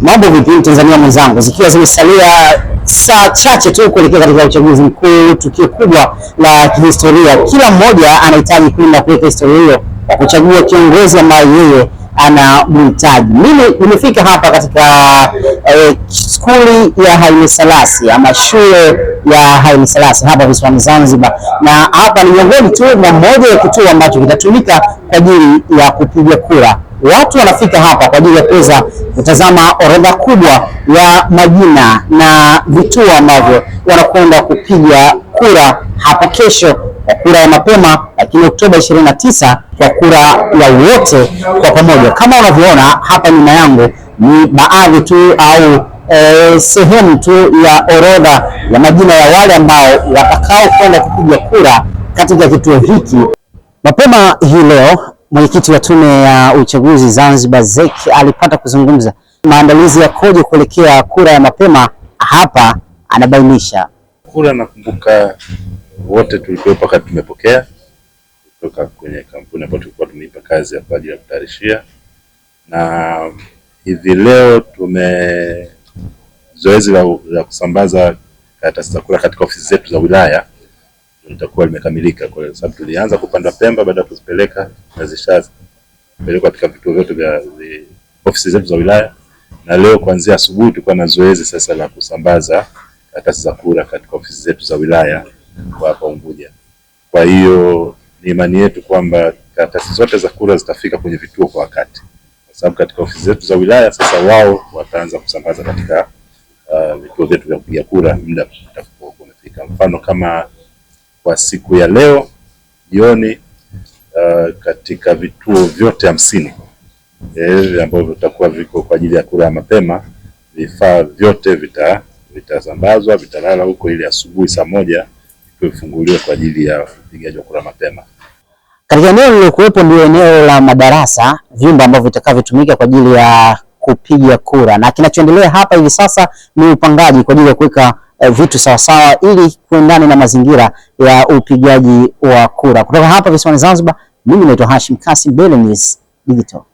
mambo vipi Tanzania mwenzangu, zikiwa zimesalia saa chache tu kuelekea katika uchaguzi mkuu, tukio kubwa la kihistoria. Kila mmoja anahitaji kwenda kuweka historia hiyo kwa kuchagua kiongozi ambaye yeye anamhitaji. Mimi nimefika hapa katika eh, skuli ya Haile Selassie ama shule ya Haile Selassie hapa visiwani Zanzibar, na hapa ni miongoni tu mwa moja ya kituo ambacho kitatumika kwa ajili ya kupiga kura watu wanafika hapa kwa ajili ya kuweza kutazama orodha kubwa ya majina na vituo ambavyo wanakwenda kupiga kura hapo kesho kwa kura ya mapema, lakini Oktoba 29 kwa kura ya wote kwa pamoja. Kama unavyoona hapa nyuma yangu ni baadhi tu au e, sehemu tu ya orodha ya majina ya wale ambao watakao kwenda kupiga kura katika kituo hiki mapema hii leo. Mwenyekiti wa Tume ya Uchaguzi Zanzibar ZEC alipata kuzungumza maandalizi ya yakoje kuelekea kura ya mapema. Hapa anabainisha kura. Nakumbuka wote tulikuwepo wakati tumepokea kutoka kwenye kampuni ambayo tulikuwa tumeipa kazi ya kwa ajili ya kutayarishia, na hivi leo tume zoezi la, la kusambaza karatasi za kura katika ofisi zetu za wilaya litakuwa limekamilika. Kwa sababu tulianza kupanda Pemba baada ya kuzipeleka na zishapelekwa katika vituo vyote vya ofisi zetu za wilaya, na leo kuanzia asubuhi tulikuwa na zoezi sasa la kusambaza karatasi za kura katika ofisi zetu za wilaya kwa hapa Unguja. Kwa hiyo ni imani yetu kwamba karatasi zote za kura zitafika kwenye vituo kwa wakati, kwa sababu katika ofisi zetu za wilaya sasa wao wataanza kusambaza katika uh, vituo vyetu vya kupiga kura muda utakapokuwa umefika. Mfano kama kwa siku ya leo jioni uh, katika vituo vyote hamsini eh, ambavyo vitakuwa viko kwa ajili ya kura ya mapema. Vifaa vyote vita vitasambazwa vitalala huko ili asubuhi saa moja vifunguliwe kwa ajili ya upigaji wa kura mapema. Katika eneo lililokuwepo ndio eneo la madarasa, vyumba ambavyo vitakavyotumika kwa ajili ya kupiga kura, na kinachoendelea hapa hivi sasa ni upangaji kwa ajili ya kuweka Eh, vitu sawasawa ili kuendane na mazingira ya upigaji wa kura. Kutoka hapa visiwani Zanzibar, mimi naitwa Hashim Kasim, Belo Digital.